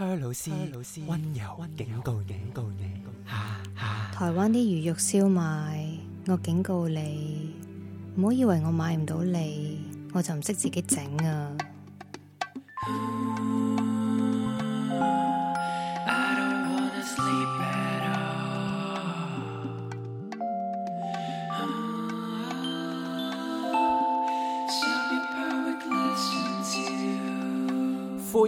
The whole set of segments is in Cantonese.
崔老師，溫柔警告警告你，吓吓！台灣啲魚肉燒賣，我警告你，唔好以為我買唔到你，我就唔識自己整啊！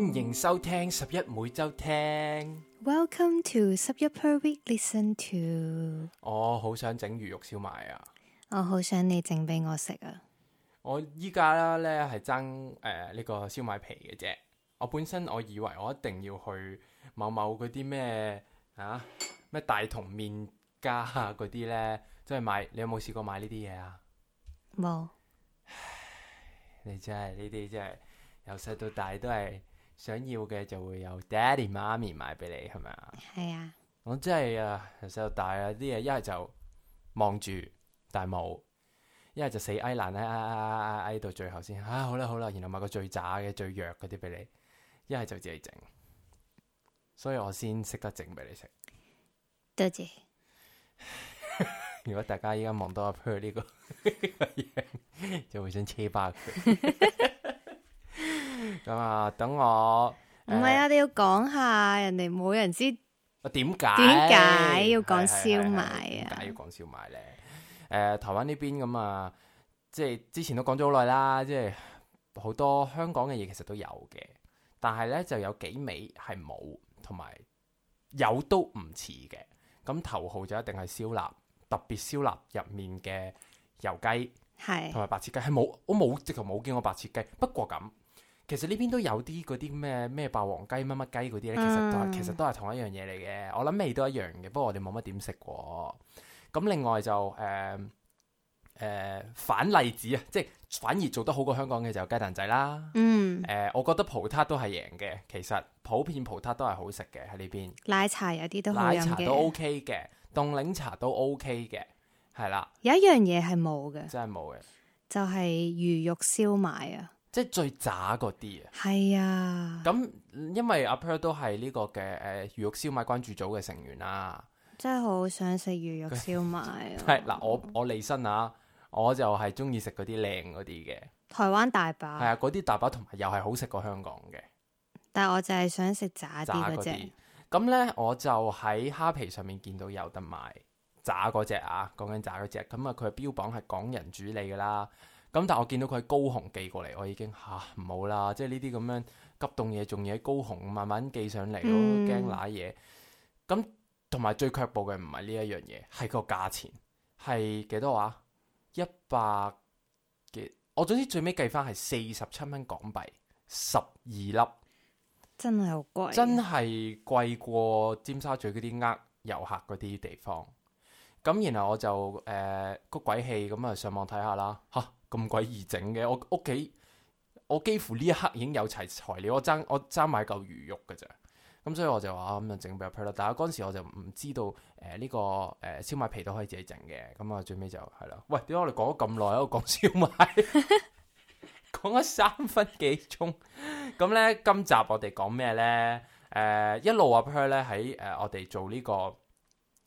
歡迎收聽十一每週聽。Welcome to 十一 per week listen to。我好想整魚肉燒賣啊！我好想你整俾我食啊！我依家咧係爭誒呢、呃呢個燒賣皮嘅啫。我本身我以為我一定要去某某嗰啲咩啊咩大同麵家啊嗰啲咧，即係買你有冇試過買呢啲嘢啊？冇哇。唉，你真係呢啲真係由細到大都係。想要嘅就會有爹哋媽咪買俾你，係咪 cœur. 啊？係啊！我真係啊，由細到大啊，啲嘢一係就望住，但係冇；一係就死挨爛，挨挨挨挨到最後先。啊，好啦好啦，然後買個最渣嘅、最弱嗰啲俾你，一係就自己整。所以我先識得整俾你食。多謝。 如果大家依家望到阿 p 呢個 就會想扯巴佢。 咁啊，等我唔係啊，呃、你要講下人哋冇人知，我點解點解要講燒賣啊？點解要講燒賣咧？誒、呃，台灣呢邊咁啊，即係之前都講咗好耐啦，即係好多香港嘅嘢其實都有嘅，但係咧就有幾味係冇，同埋有，有都唔似嘅。咁頭號就一定係燒臘，特別燒臘入面嘅油雞係同埋白切雞係冇，我冇直頭冇見過白切雞。不過咁。其實呢邊都有啲嗰啲咩咩霸王雞乜乜雞嗰啲咧，其實都其實都係同一樣嘢嚟嘅。我諗味都一樣嘅，不過我哋冇乜點食喎。咁另外就誒誒、呃呃、反例子啊，即係反而做得好過香港嘅就雞蛋仔啦。嗯，誒、呃，我覺得葡撻都係贏嘅。其實普遍葡撻都係好食嘅喺呢邊。奶茶有啲都好，奶茶都 OK 嘅，凍檸茶都 OK 嘅，係啦。有一樣嘢係冇嘅，真係冇嘅，就係魚肉燒賣啊！即係最渣嗰啲啊！係啊、嗯！咁、嗯、因為阿 Per 都係呢個嘅誒、呃、魚肉燒賣關注組嘅成員啦、啊，真係好想食魚肉燒賣啊！係嗱， 我我離身啊，我就係中意食嗰啲靚嗰啲嘅台灣大把，係啊，嗰啲大把同埋又係好食過香港嘅，但係我就係想食渣嗰隻。咁咧、嗯，我就喺蝦皮上面見到有得賣渣嗰隻啊！講緊渣嗰隻，咁啊佢、啊、標榜係港人主理噶啦。咁但係我見到佢喺高雄寄過嚟，我已經吓唔、啊、好啦！即係呢啲咁樣急凍嘢，仲要喺高雄慢慢寄上嚟，都驚瀨嘢。咁同埋最卻步嘅唔係呢一樣嘢，係個價錢係幾多話、啊？一百幾，我總之最尾計翻係四十七蚊港幣，十二粒，真係好貴、啊，真係貴過尖沙咀嗰啲呃遊客嗰啲地方。咁、嗯、然後我就誒谷、呃、鬼氣咁啊上網睇下啦吓，咁鬼易整嘅，我屋企我幾乎呢一刻已經有齊材料，我爭我爭買嚿魚肉㗎咋，咁、嗯、所以我就話咁就整俾阿 Per 啦。但係嗰陣時我就唔知道誒呢、呃這個誒燒賣皮都可以自己整嘅。咁、嗯、啊最尾就係啦、嗯。喂，點解我哋講咗咁耐都講燒賣，講咗 三分幾鐘？咁、嗯、咧，今集我哋講咩咧？誒、呃、一路阿 Per 咧喺誒我哋做呢、這個。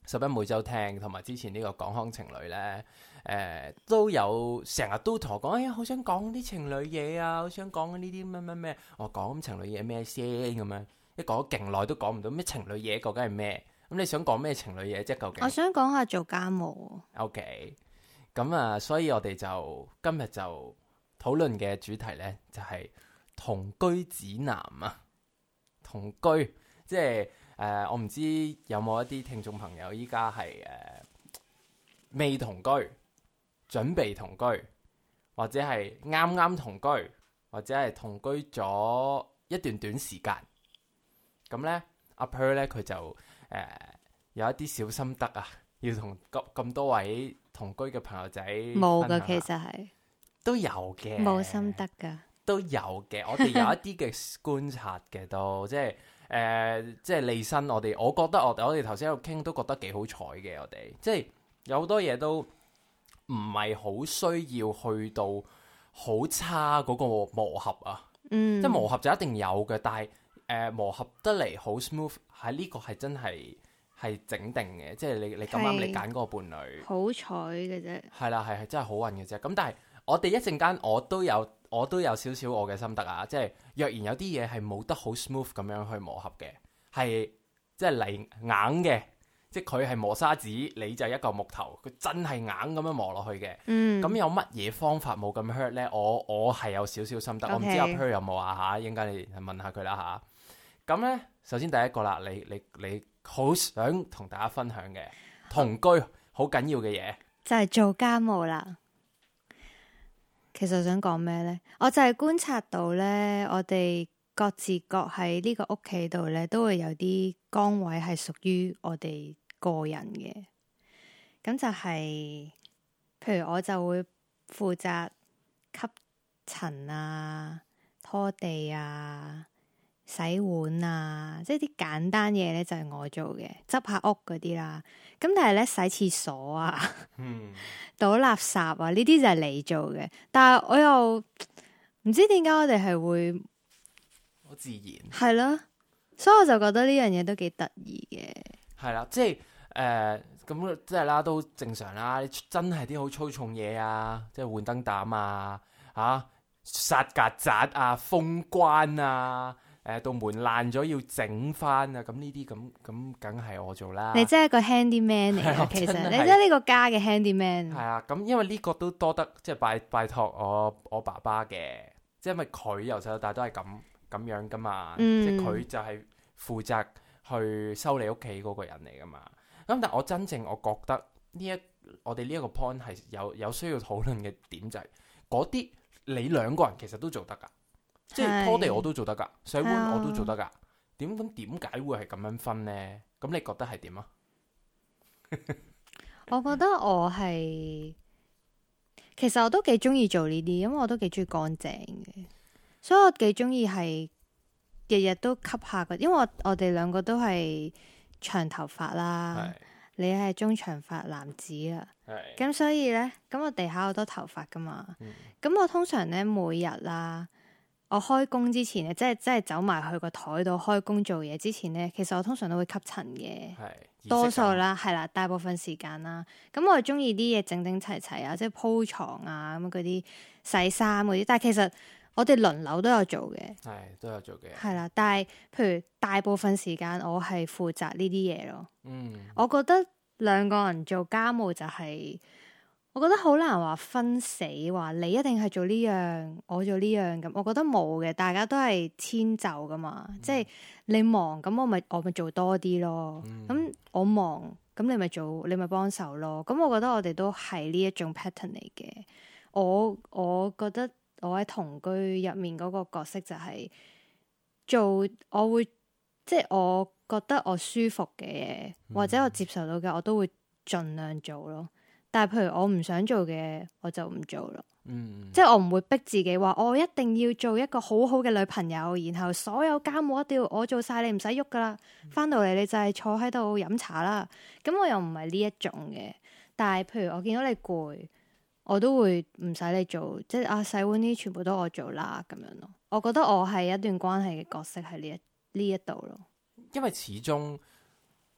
拾壹每周聽，同埋之前呢個港康情侶呢，誒、呃、都有成日都同我講，哎呀，好想講啲情侶嘢啊，好想講呢啲咩咩咩，我、哦、講情侶嘢咩先咁樣，一講咗勁耐都講唔到咩情侶嘢，究竟係咩？咁你想講咩情侶嘢？即係究竟？我想講下做家務。O K，咁啊，所以我哋就今日就討論嘅主題呢，就係、是、同居指南啊，同居即係。誒、呃，我唔知有冇一啲聽眾朋友依家係誒未同居，準備同居或者係啱啱同居或者係同居咗一段短時間，咁咧阿 Per 咧佢就誒、呃、有一啲小心得啊，要同咁咁多位同居嘅朋友仔分享一下冇嘅，其實係都有嘅，冇心得噶都有嘅，我哋有一啲嘅觀察嘅，都即係。誒、呃，即係利身我哋，我覺得我我哋頭先喺度傾都覺得幾好彩嘅，我哋即係有好多嘢都唔係好需要去到好差嗰個磨合啊。嗯，即係磨合就一定有嘅，但係誒、呃、磨合得嚟好 smooth，係呢個係真係係整定嘅，即係你你咁啱你揀嗰個伴侶，好彩嘅啫。係啦，係係真係好運嘅啫。咁但係我哋一陣間我都有。我都有少少我嘅心得啊，即係若然有啲嘢係冇得好 smooth 咁樣去磨合嘅，係即係嚟硬嘅，即係佢係磨砂紙，你就一個木頭，佢真係硬咁樣磨落去嘅。嗯，咁有乜嘢方法冇咁 hurt 咧？我我係有少少心得，Okay. 我唔知 h p r i 有冇啊吓，應該你問下佢啦吓。咁、啊、咧，首先第一個啦，你你你好想同大家分享嘅同居好緊要嘅嘢，就係、是、做家務啦。其實想講咩呢？我就係觀察到呢，我哋各自各喺呢個屋企度呢，都會有啲崗位係屬於我哋個人嘅。咁就係、是，譬如我就會負責吸塵啊、拖地啊。洗碗啊，即係啲簡單嘢咧就係我做嘅，執下屋嗰啲啦。咁但係咧，洗廁所啊，倒、嗯、 垃圾啊呢啲就係你做嘅。但係我又唔知點解我哋係會好自然，係咯。所以我就覺得呢樣嘢都幾得意嘅。係啦，即係誒咁即係啦，都正常啦。真係啲好粗重嘢啊，即係換燈膽啊，吓殺曱甴啊，封、啊、關啊。.誒，到、呃、門爛咗要整返啊！咁呢啲咁咁，梗係我做啦。你真係一個 handyman 嚟嘅，其實你真係呢個家嘅 handyman。係啊，咁因為呢個都多得即係、就是、拜拜託我我爸爸嘅，即係因為佢由細到大都係咁咁樣噶嘛，即係佢就係負責去修你屋企嗰個人嚟噶嘛。咁但係我真正我覺得呢一我哋呢一個 point 係有有需要討論嘅點就係嗰啲你兩個人其實都做得噶。即係拖地我都做得噶，洗碗我都做得噶。點咁點解會係咁樣分呢？咁你覺得係點啊？ 我覺得我係其實我都幾中意做呢啲，因為我都幾中意乾淨嘅，所以我幾中意係日日都吸下嘅。因為我我哋兩個都係長頭髮啦，是你係中長髮男子啊，咁是所以呢，咁我地下好多頭髮噶嘛，咁、嗯、我通常呢，每日啦。我開工之前咧，即係即係走埋去個枱度開工做嘢之前咧，其實我通常都會吸塵嘅，多數啦，係啦，大部分時間啦。咁我中意啲嘢整整齊齊啊，即係鋪床啊，咁嗰啲洗衫嗰啲。但係其實我哋輪流都有做嘅，係都有做嘅，係啦。但係譬如大部分時間我係負責呢啲嘢咯。嗯，我覺得兩個人做家務就係、是。我覺得好難話分死，話你一定係做呢樣，我做呢樣咁。我覺得冇嘅，大家都係遷就㗎嘛。嗯、即係你忙咁，我咪我咪做多啲咯。咁、嗯、我忙咁，你咪做，你咪幫手咯。咁我覺得我哋都係呢一種 pattern 嚟嘅。我我覺得我喺同居入面嗰個角色就係做，我會即係、即係、我覺得我舒服嘅嘢，嗯、或者我接受到嘅，我都會盡量做咯。但係，譬如我唔想做嘅，我就唔做咯。嗯、即係我唔會逼自己話，我一定要做一個好好嘅女朋友，然後所有家務一定要我做晒，你唔使喐噶啦。翻、嗯、到嚟你就係坐喺度飲茶啦。咁我又唔係呢一種嘅。但係譬如我見到你攰，我都會唔使你做，即係啊洗碗呢，全部都我做啦咁樣咯。我覺得我係一段關係嘅角色喺呢一呢一度咯。因為始終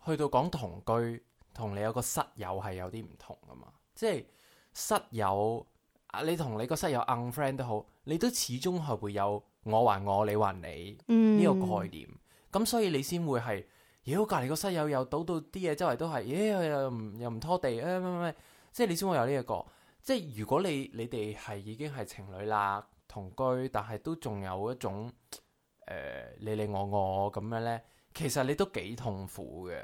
去到講同居。同你有個室友係有啲唔同㗎嘛？即係室友啊，你同你個室友硬 friend 都好，你都始終係會有我還我，你還你呢、嗯、個概念。咁所以你先會係，妖隔離個室友又倒到啲嘢，周圍都係，咦、哎、又唔又唔拖地啊？咩、哎、咩」咩咩咩。即係你先會有呢、這、一個。即係如果你你哋係已經係情侶啦，同居，但係都仲有一種誒你你我我咁樣咧，其實你都幾痛苦嘅。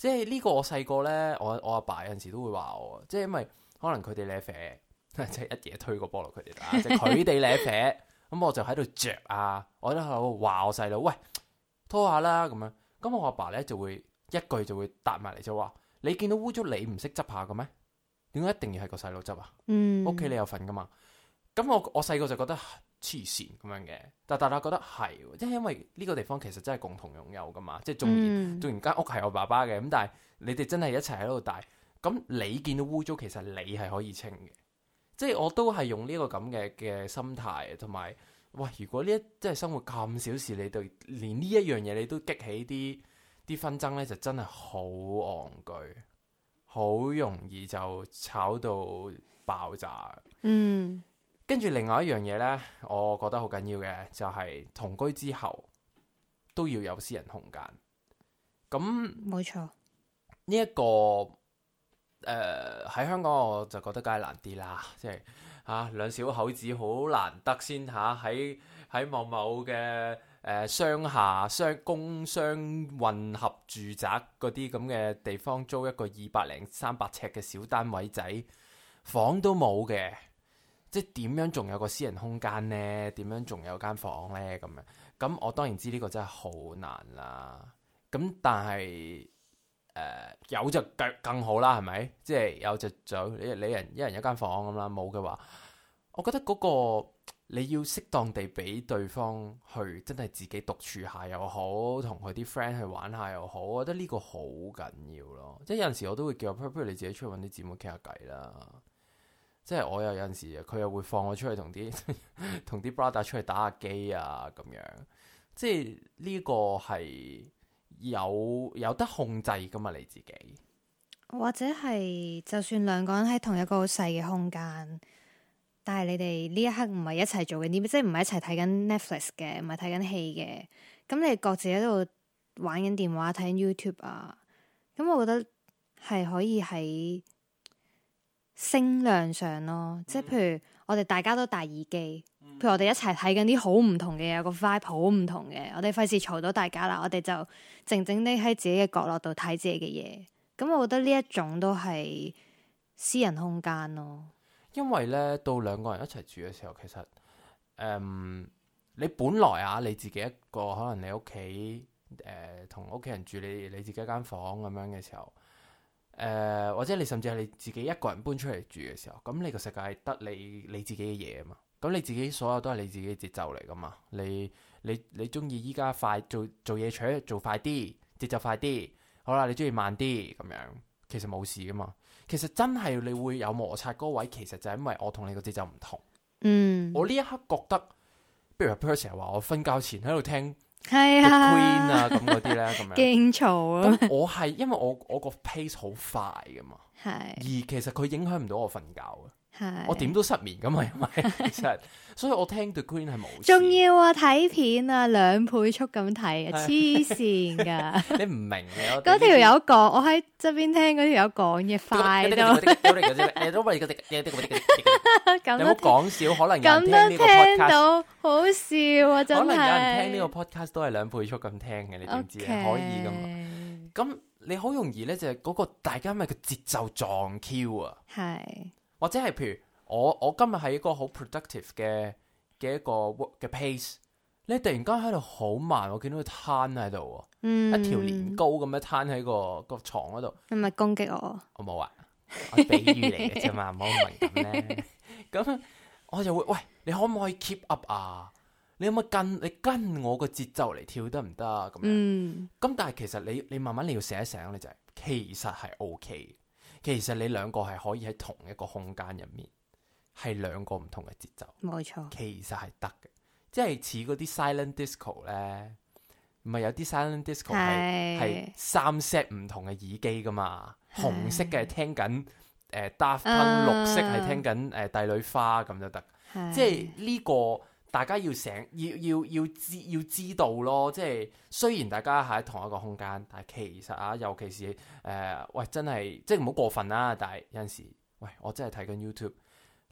即係呢個我細個咧，我我阿爸，爸有陣時都會話我，即係因為可能佢哋舐啡，即係 一嘢推個波落佢哋啦，即係佢哋舐啡，咁、 嗯、我就喺度着啊，我咧喺度話我細佬，喂，拖下啦咁樣，咁我阿爸咧就會一句就會答埋嚟就話，你見到污糟你唔識執下嘅咩？點解一定要係個細佬執啊？屋企你有份噶嘛。咁我我細個就覺得。黐線咁樣嘅，但大家覺得係，即係因為呢個地方其實真係共同擁有噶嘛，即係縱然縱然間屋係我爸爸嘅，咁但係你哋真係一齊喺度大，咁你見到污糟，其實你係可以清嘅，即係我都係用呢個咁嘅嘅心態，同埋喂，如果呢一即係生活咁小事，你對連呢一樣嘢你都激起啲啲紛爭呢，就真係好戇居，好容易就炒到爆炸。嗯。跟住另外一樣嘢呢，我覺得好緊要嘅就係、是、同居之後都要有私人空間。咁冇錯，呢一錯、這個誒喺、呃、香港我就覺得梗係難啲啦，即係嚇兩小口子好難得先嚇喺喺某某嘅誒商廈、商工商混合住宅嗰啲咁嘅地方租一個二百零三百尺嘅小單位仔房都冇嘅。即係點樣仲有個私人空間呢？點樣仲有間房呢？咁樣咁我當然知呢個真係好難啦。咁但係誒、呃、有就更更好啦，係咪？即係有就就你你人一人，人一間房咁啦。冇嘅話，我覺得嗰、嗰個你要適當地俾對方去，真係自己獨處下又好，同佢啲 friend 去玩下又好。我覺得呢個好緊要咯。即係有陣時我都會叫不如你自己出去揾啲姊妹傾下偈啦。即係我有陣時佢又會放我出去同啲同啲 brother 出去打下機啊，咁樣。即係呢個係有有得控制噶嘛，你自己，或者係就算兩個人喺同一個好細嘅空間，但係你哋呢一刻唔係一齊做嘅，啲即係唔係一齊睇緊 Netflix 嘅，唔係睇緊戲嘅，咁你哋各自喺度玩緊電話、睇緊 YouTube 啊。咁我覺得係可以喺。聲量上咯，即係譬如我哋大家都戴耳機，嗯、譬如我哋一齊睇緊啲好唔同嘅嘢，個 vibe 好唔同嘅，我哋費事嘈到大家啦，我哋就靜靜地喺自己嘅角落度睇自己嘅嘢。咁我覺得呢一種都係私人空間咯。因為呢，到兩個人一齊住嘅時候，其實誒、嗯，你本來啊，你自己一個，可能你屋企誒同屋企人住你，你你自己一間房咁樣嘅時候。誒、呃，或者你甚至係你自己一個人搬出嚟住嘅時候，咁你個世界得你你自己嘅嘢啊嘛，咁你自己所有都係你自己嘅節奏嚟噶嘛，你你你中意依家快做做嘢，除咗做快啲，節奏快啲，好啦，你中意慢啲咁樣，其實冇事噶嘛，其實真係你會有摩擦嗰位，其實就係因為我同你個節奏唔同，嗯，我呢一刻覺得，譬如 p 我瞓覺前喺度聽。係啊，Queen 啊，咁嗰啲咧，咁 樣勁嘈咯。 我係因為我我個 pace 好快噶嘛， 的而其實佢影響唔到我瞓覺啊。係是 我點都失眠咁啊因為，其實所以我聽 The Queen 係冇。仲要啊，睇片啊，兩倍速咁睇，啊，黐線噶！ 你唔明嘅？嗰條友講，我喺側邊聽嗰條友講嘢快咗。 好冇講笑？可能咁， 都聽到，好笑啊，真係可能有人聽呢個 podcast 都係兩倍速咁聽嘅，你點知係 Okay. 可以咁？咁你好容易咧，就係、是、嗰個大家咪個節奏撞 Q 啊！係。或者係譬如我我今日喺一個好 productive 嘅嘅一個 work 嘅 pace，你突然間喺度好慢，我見到佢癱喺度，嗯、一條年糕咁樣癱喺，那個個床嗰度。係咪攻擊我？好好我冇啊，比喻嚟嘅啫嘛，唔好敏感咧。咁 我就會，喂，你可唔可以 keep up 啊？你可唔可以跟你跟我個節奏嚟跳得唔得？咁、嗯、樣。咁但係其實你你慢慢你要醒一醒，你就係、是、其實係 OK。其實你兩個係可以喺同一個空間入面，係兩個唔同嘅節奏，冇錯錯。其實係得嘅，即係似嗰啲 silent disco 咧，唔係有啲 silent disco 係係是三 set 唔同嘅耳機噶嘛，是紅色嘅聽緊誒《Daft Punk》um, 呃，綠色係聽緊誒、呃《帝女花》咁就得，即係呢、這個。大家要醒，要要要知要知道咯，即係雖然大家喺同一個空間，但係其實啊，尤其是誒、呃、喂，真係即係唔好過分啦。但係有陣時，喂，我真係睇緊 YouTube，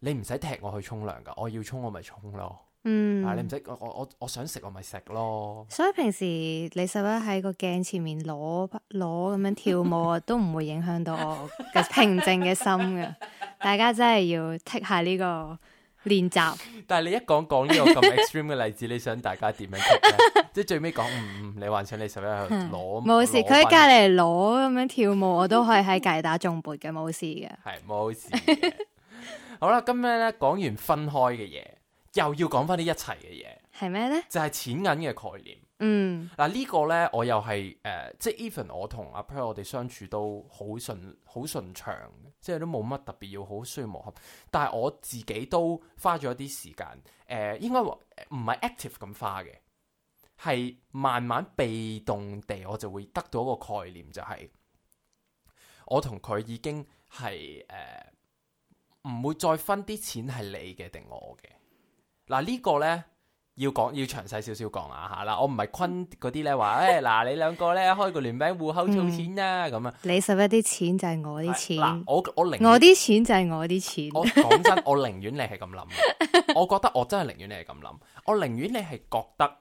你唔使踢我去沖涼噶，我要沖我咪沖咯。嗯，啊，你唔使我我我我想食我咪食咯。所以平時你使唔使喺個鏡前面攞攞咁樣跳舞啊， 都唔會影響到我嘅平靜嘅心㗎。大家真係要踢下呢、呢個。練習，練習。但係你一講講呢個咁 extreme 嘅例子， 你想大家點樣講 即係最尾講，嗯，你幻想你十一去攞冇事，佢喺回隔籬攞咁樣跳舞，我都可以喺隔籬打中撥嘅冇事嘅，係冇事。 好啦，今日咧講完分開嘅嘢，又要講翻啲一齊嘅嘢，係咩咧？就係錢銀嘅概念。嗯，嗱，呢個咧，我又係誒，即係 even 我同阿 Paul 我哋相處都好順，好順暢，即係都冇乜特別要好需要磨合。但係我自己都花咗一啲時間，誒、呃，應該唔係 active 咁花嘅，係慢慢被動地，我就會得到一個概念、就是，就係我同佢已經係誒，唔、呃、會再分啲錢係你嘅定我嘅。嗱、呃這個、呢個咧。要講要詳細少少講啊。吓啦，我唔係坤嗰啲咧，話誒嗱，你兩個咧開個聯名戶口儲錢啊。咁啊、嗯，你拾壹啲錢就係我啲錢，我我啲錢就係我啲錢。 我講真，我寧願你係咁諗，我覺得我真係寧願你係咁諗，我寧願你係覺得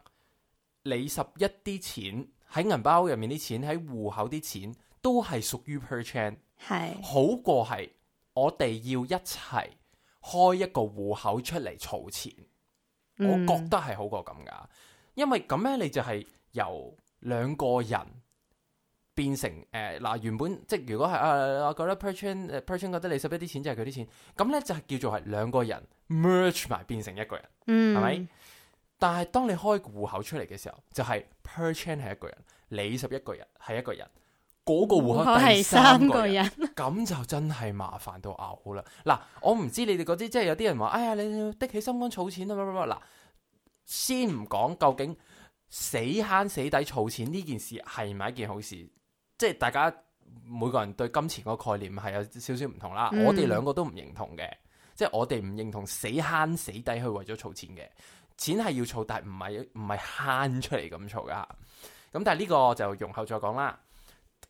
你拾壹啲錢喺銀包入面啲錢，喺戶口啲錢都係屬於 percent，係是好過係我哋要一齊開一個戶口出嚟儲錢。我覺得係好過咁噶，因為咁咧你就係由兩個人變成誒嗱、呃呃、原本即係如果係誒、呃、我覺得 per chain per chain 覺得你拾壹啲錢就係佢啲錢，咁咧就係叫做係兩個人 merge 埋變成一個人，係咪、嗯？但係當你開個戶口出嚟嘅時候，就係、是、per chain 係一個人，你拾壹個人係一個人。嗰個戶口係三個人，咁就真係麻煩到嘔啦！嗱，我唔知你哋嗰啲，即係有啲人話：哎呀，你要的起心肝儲錢啊乜乜乜！嗱，先唔講究竟死慳死抵儲錢呢件事係唔係一件好事？即係大家每個人對金錢個概念係有少少唔同啦。嗯、我哋兩個都唔認同嘅，即係我哋唔認同死慳死抵去為咗儲錢嘅。錢係要儲，但唔係唔係慳出嚟咁儲噶。咁、嗯、但係呢個就容後再講啦。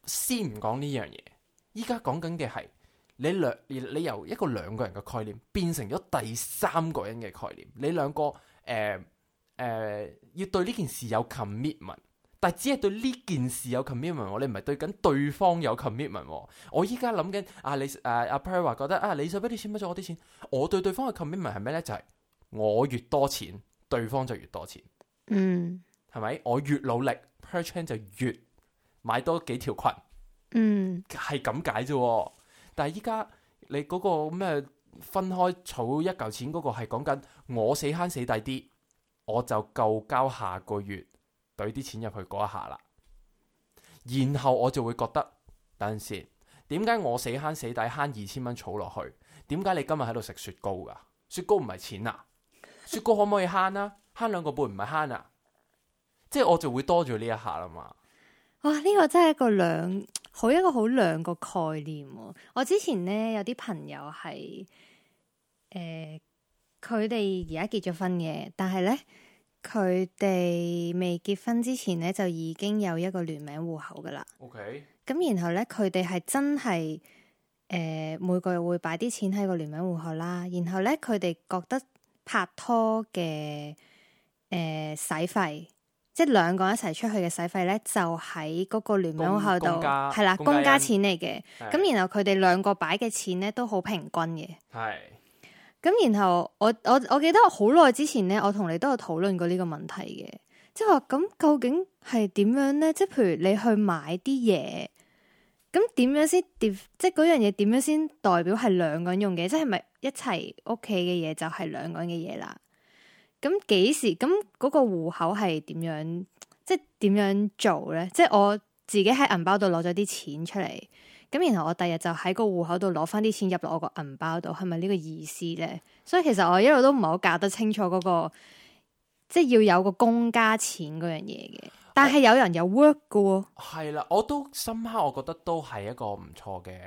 先唔講呢樣嘢，依家講緊嘅係你兩，你由一個兩個人嘅概念變成咗第三個人嘅概念。你兩個誒誒、呃呃，要對呢件事有 commitment，但係只係對呢件事有 commitment，你唔係對緊對方有 commitment。我依家諗緊啊，你誒阿 Per 話覺得啊，你使乜啲錢，乜咗我啲錢？我對對方嘅 commitment 係咩咧？就係、是、我越多錢，對方就越多錢。嗯，係咪？我越努力，Per 錢就越。買多幾條裙，嗯，係咁解啫。但係依家你嗰個咩分開儲一嚿錢嗰個係講緊我死慳死抵啲，我就夠交下個月懟啲錢入去嗰一下啦。然後我就會覺得等陣先，點解我死慳死抵慳二千蚊儲落去？點解你今日喺度食雪糕㗎？雪糕唔係錢啊？雪糕可唔可以慳啊？慳兩個半唔係慳啊？即係我就會多咗呢一,一下啦嘛。哇！呢、這個真係一個兩好一個好兩個概念，啊。我之前呢，有啲朋友係，誒、呃，佢哋而家結咗婚嘅，但係呢，佢哋未結婚之前呢，就已經有一個聯名戶口噶啦。O K。咁然後呢，佢哋係真係，誒、呃，每個月會擺啲錢喺個聯名戶口啦。然後呢，佢哋覺得拍拖嘅，誒、呃，使費。即係兩個人一齊出去嘅使費咧，就喺嗰個聯名戶口度，係啦，公家，家錢嚟嘅。咁是的 然後佢哋兩個擺嘅錢咧都好平均嘅。係。咁然後我我我記得我好耐之前咧，我同你都有討論過呢個問題嘅，即係話咁究竟係點樣咧？即係譬如你去買啲嘢，咁點樣先？即係嗰樣嘢點樣先代表係兩個人用嘅？即係咪一齊屋企嘅嘢就係兩個人嘅嘢啦？咁幾時？咁嗰個戶口係點樣？即係點樣做咧？即係我自己喺銀包度攞咗啲錢出嚟，咁然後我第日就喺個戶口度攞翻啲錢入落我個銀包度，係咪呢個意思咧？所以其實我一路都唔係好搞得清楚嗰個，即係要有個公家錢嗰樣嘢嘅。但係有人有 work 嘅喎。係啦，我都深刻，我覺得都係一個唔錯嘅。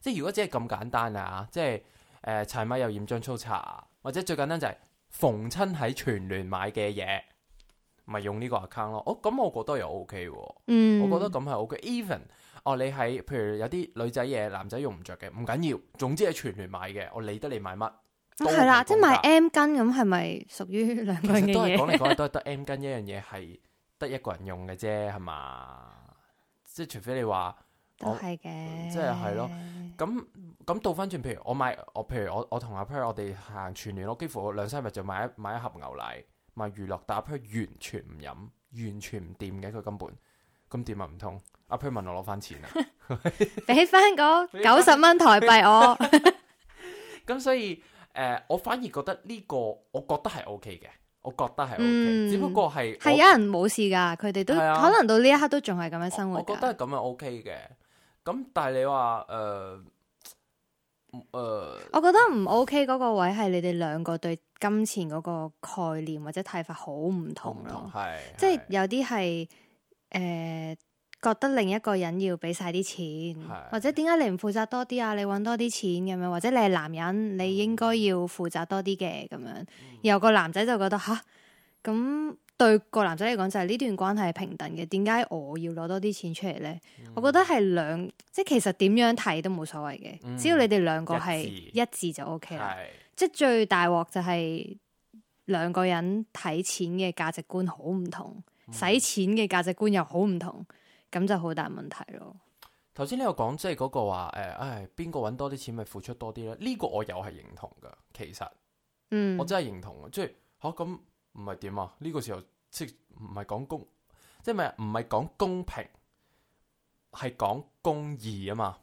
即係如果只係咁簡單啊，即係誒，柴米油鹽醬醋茶，或者最簡單就係。逢親喺全聯買嘅嘢，咪用呢個 account 咯。哦，咁我覺得又 OK 喎。嗯，我覺得咁係 OK。Even 哦，你喺譬如有啲女仔嘢、男仔用唔着嘅，唔緊要。總之係全聯買嘅，我理得你買乜。係啦，即係、就是、買 M 巾咁，係咪屬於兩個都係？講嚟講去都係得 M 巾一樣嘢，係得一個人用嘅啫，係嘛？即、就、係、是、除非你話。係嘅、 嗯，即係係咯，咁咁倒翻轉，譬、嗯嗯嗯、如我買我，譬如我我同阿 Per，我哋行全聯咯，幾乎兩三日就買一買一盒牛奶，買娛樂。但阿 Per 完全唔飲，完全唔掂嘅，佢根本咁點啊唔通？阿 Per 問我攞翻錢啊，俾翻個九十蚊台幣我 。咁 所以誒、呃，我反而覺得呢、這個，我覺得係 O K 嘅，我覺得係 O K，只不過係係有人冇事噶，佢哋都、啊、可能到呢一刻都仲係咁樣生活。我覺得咁樣 O K 嘅。咁但係你話誒誒，呃呃、我覺得唔 OK 嗰個位係你哋兩個對金錢嗰個概念或者睇法好唔同咯，係即係有啲係誒覺得另一個人要俾晒啲錢，或者點解你唔負責多啲啊？你搵多啲錢咁樣，或者你係男人，你應該要負責多啲嘅咁樣，然後個男仔就覺得吓咁。對個男仔嚟講就係、是、呢段關係係平等嘅，點解我要攞多啲錢出嚟呢？嗯、我覺得係兩，即、就、係、是、其實點樣睇都冇所謂嘅，嗯、只要你哋兩個係一致就 O K 啦。對、即係最大鑊就係兩個人睇錢嘅價值觀好唔同，使、嗯、錢嘅價值觀又好唔同，咁就好大問題咯。頭先、嗯、你有講即係嗰個話誒，唉、哎，邊個揾多啲錢咪付出多啲咧？呢、呢個我又係認同噶，其實，嗯，我真係認同啊，即係吓咁。唔係點啊？呢、這個時候即係唔係講公，即係咪唔係講公平，係講公義啊嘛？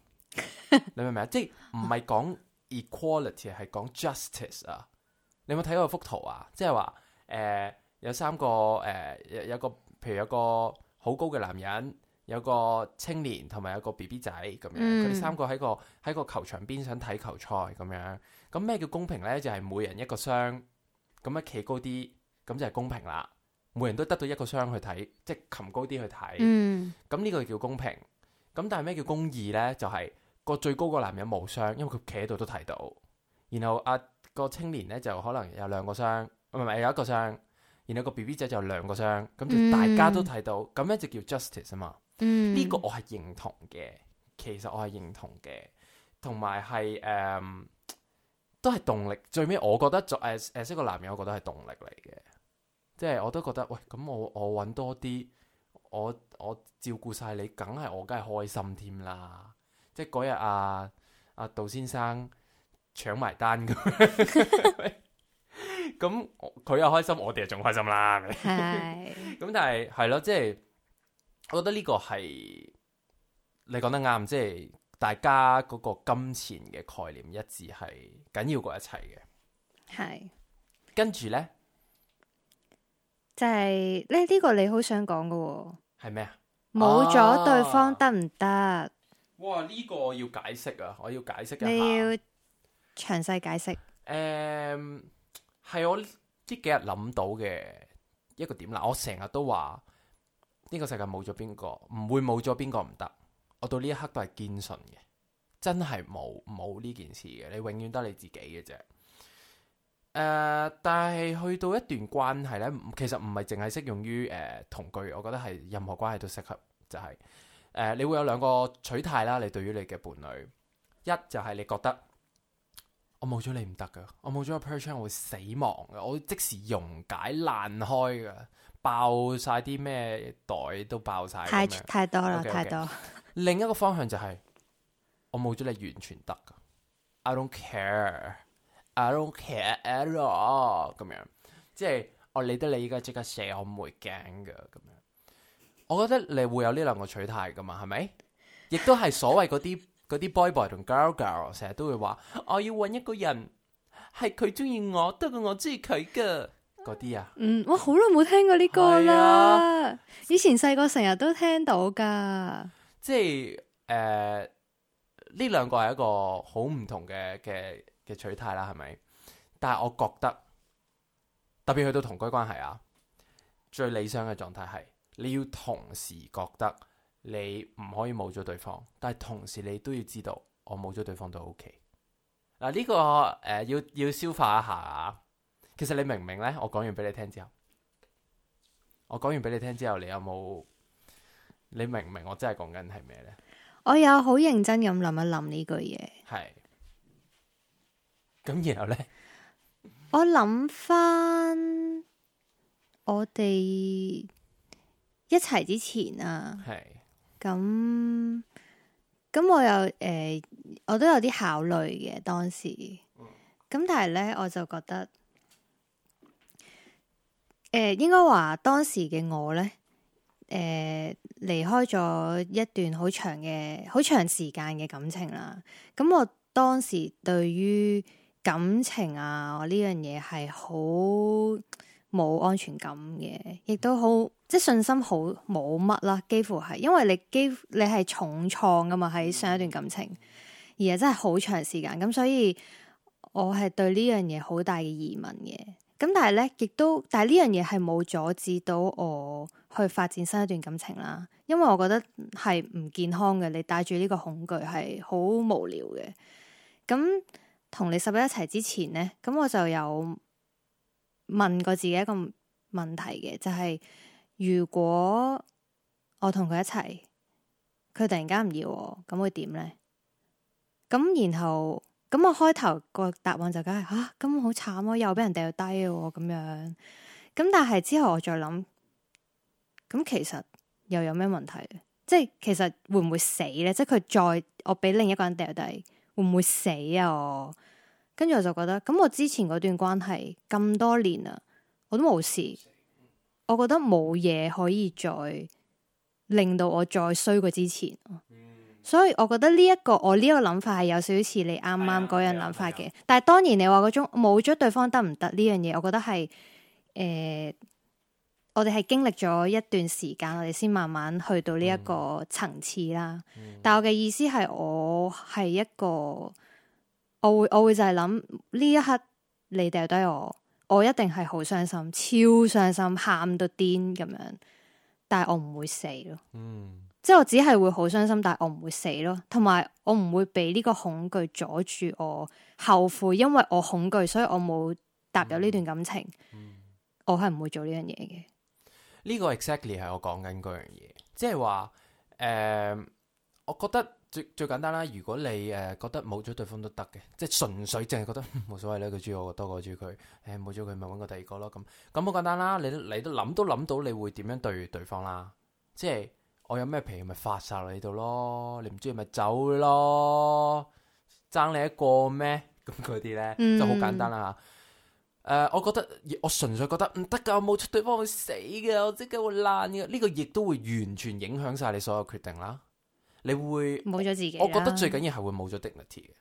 你明唔明啊？ 即係唔係講 equality，係講 justice 啊？你有冇睇過幅圖啊？即係話誒有三個誒、呃、有有個，譬如有個好高嘅男人，有個青年同埋有個 B B 仔咁樣，佢哋、嗯、三個喺個喺個球場邊想睇球賽咁樣。咁咩叫公平咧？就係、是、每人一個箱，咁啊企高啲。咁就係公平啦，每人都得到一個箱去睇，即係擒高啲去睇。咁呢、嗯、個就叫公平。咁但係咩叫公義呢？就係、是、個最高個男人無箱，因為佢企喺度都睇到。然後阿、啊那個青年呢，就可能有兩個箱，唔係有一個箱。然後個 B B 仔就有兩個箱，咁就大家都睇到咁咧，嗯、就叫 justice 啊嘛。呢、嗯、個我係認同嘅，其實我係認同嘅，同埋係誒都係動力。最尾我覺得作誒誒識個男人，as, as girl, 我覺得係動力嚟嘅。即係我都覺得喂，咁我我搵多啲，我我，我照顧晒你，梗係我梗係開心添啦！即係嗰日阿阿杜先生搶埋單咁、 嗯，咁佢又開心，我哋又仲開心啦！係 的，咁、 嗯、但係係咯，即係、就是、我覺得呢個係你講得啱，即、就、係、是、大家嗰個金錢嘅概念一致係緊要過一切嘅。係的，跟住咧。就係呢呢個你好想講噶喎，係咩啊？冇咗對方得唔得？哇，呢個要解釋啊！我要解釋啊。你要詳細解釋。誒、嗯，係我呢幾日諗到嘅一個點啦。我成日都話呢個世界冇咗邊個唔會冇咗邊個唔得。我到呢一刻都係堅信嘅，真係冇冇呢件事嘅。你永遠得你自己嘅啫。誒，uh, 但係去到一段關係咧，其實唔係淨係適用於誒、uh, 同居，我覺得係任何關係都適合。就係、是、誒，uh, 你會有兩個取態啦，你對於你嘅伴侶，一就係你覺得我冇咗你唔得噶，我冇咗個 person 我會死亡噶，我會即時溶解爛開噶，爆晒啲咩袋都爆晒咁樣。太太多啦，太多。另一個方向就係、是、我冇咗你完全得噶，I don't care。I don't care at all 咁樣，即係我理得你依家即刻死，我唔會驚噶。咁樣，我覺得你會有呢兩個取態噶嘛，係咪？亦都係所謂嗰啲嗰啲 boy boy 同 girl girl，成日都會話我要揾一個人係佢中意我，多過我中意佢噶嗰啲啊。嗯，我好耐冇聽過呢個啦。啊、以前細個成日都聽到噶，即係誒呢兩個係一個好唔同嘅嘅嘅取態啦，係咪？但係我覺得，特別去到同居關係啊，最理想嘅狀態係，你要同時覺得你唔可以冇咗對方，但係同時你都要知道，我冇咗對方都 OK。嗱、啊、呢、這個誒、呃，要要消化一下。啊。其實你明唔明呢？我講完俾你聽之後，我講完俾你聽之後，你有冇你明唔明？我真係講緊係咩呢？我有好認真咁諗一諗呢句嘢。係。咁然後咧，我諗返我哋一齊之前啊，係咁咁，我有誒、呃，我都有啲考慮嘅當時。咁、嗯、但係咧，我就覺得誒、呃，應該話當時嘅我咧，誒、呃、離開咗一段好長嘅好長時間嘅感情啦。咁我當時對於感情啊，我呢樣嘢係好冇安全感嘅，亦都好即係信心好冇乜啦，幾乎係，因為你幾乎你係重創噶嘛喺上一段感情，而係真係好長時間，咁所以我係對呢樣嘢好大嘅疑問嘅。咁但係呢亦都但係呢樣嘢係冇阻止到我去發展新一段感情啦，因為我覺得係唔健康嘅，你帶住呢個恐懼係好無聊嘅，咁。同你十日一齊之前呢，咁我就有問過自己一個問題嘅，就係如果我同佢一齊，佢突然間唔要我，咁會點呢？咁然後咁我開頭個答案就梗係啊，咁好慘咯，又俾人掉低喎，咁樣。咁但係之後我再諗，咁其實又有咩問題？即係其實會唔會死呢？即係佢再我俾另一個人掉低，會唔會死啊？跟住我就覺得，咁我之前嗰段關係咁多年啦，我都冇事，我覺得冇嘢可以再令到我再衰過之前。嗯、所以我覺得呢、這、一個我呢個諗法係有少少似你啱啱嗰樣諗法嘅。啊啊啊、但係當然你話嗰種冇咗對方得唔得呢樣嘢，我覺得係誒。呃我哋係經歷咗一段時間，我哋先慢慢去到呢一個層次啦。嗯、但我嘅意思係，我係一個，我會我會就係諗呢一刻你掉低我，我一定係好傷心，超傷心，喊到癲咁樣。但係我唔會死咯、嗯，即係我只係會好傷心，但係我唔會死咯。同埋我唔會俾呢個恐懼阻住我後悔，因為我恐懼，所以我冇踏入呢段感情。嗯嗯、我係唔會做呢樣嘢嘅。呢個 exactly 係我講緊嗰樣嘢，即係話誒，我覺得最最簡單啦。如果你誒、呃、覺得冇咗對方都得嘅，即係純粹淨係覺得冇所謂咧，佢中意我多過中意佢，誒冇咗佢咪揾個第二個咯。咁咁好簡單啦，你你，你都諗都諗到，你會點樣對對方啦？即係我有咩脾氣咪發曬你度咯，你唔中意咪走咯，爭你一個咩？咁嗰啲咧就好簡單啦誒，uh, 我覺得我純粹覺得唔得噶，我冇出對方會死嘅，我即刻會爛嘅。呢個亦都會完全影響晒你所有決定啦。你會冇咗自己。我覺得最緊要係會冇咗 dignity 嘅。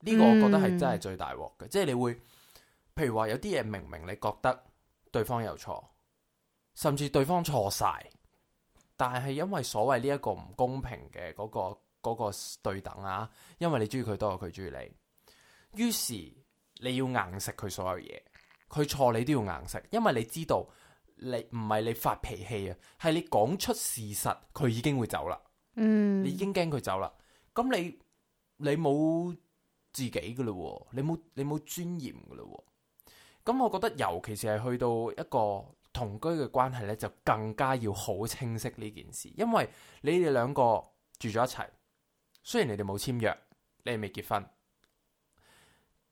呢個、嗯、我覺得係真係最大鑊嘅，即係你會，譬如話有啲嘢明明你覺得對方有錯，甚至對方錯晒，但係因為所謂呢一個唔公平嘅嗰個嗰個對等啊，因為你中意佢多過佢中意你，於是你要硬食佢所有嘢。佢錯你都要硬食，因為你知道你唔係你發脾氣啊，係你講出事實，佢已經會走啦。嗯，你已經驚佢走啦。咁你你冇自己噶啦，你冇你冇尊嚴噶啦。咁我覺得尤其是係去到一個同居嘅關係呢，就更加要好清晰呢件事，因為你哋兩個住咗一齊，雖然你哋冇簽約，你哋未結婚。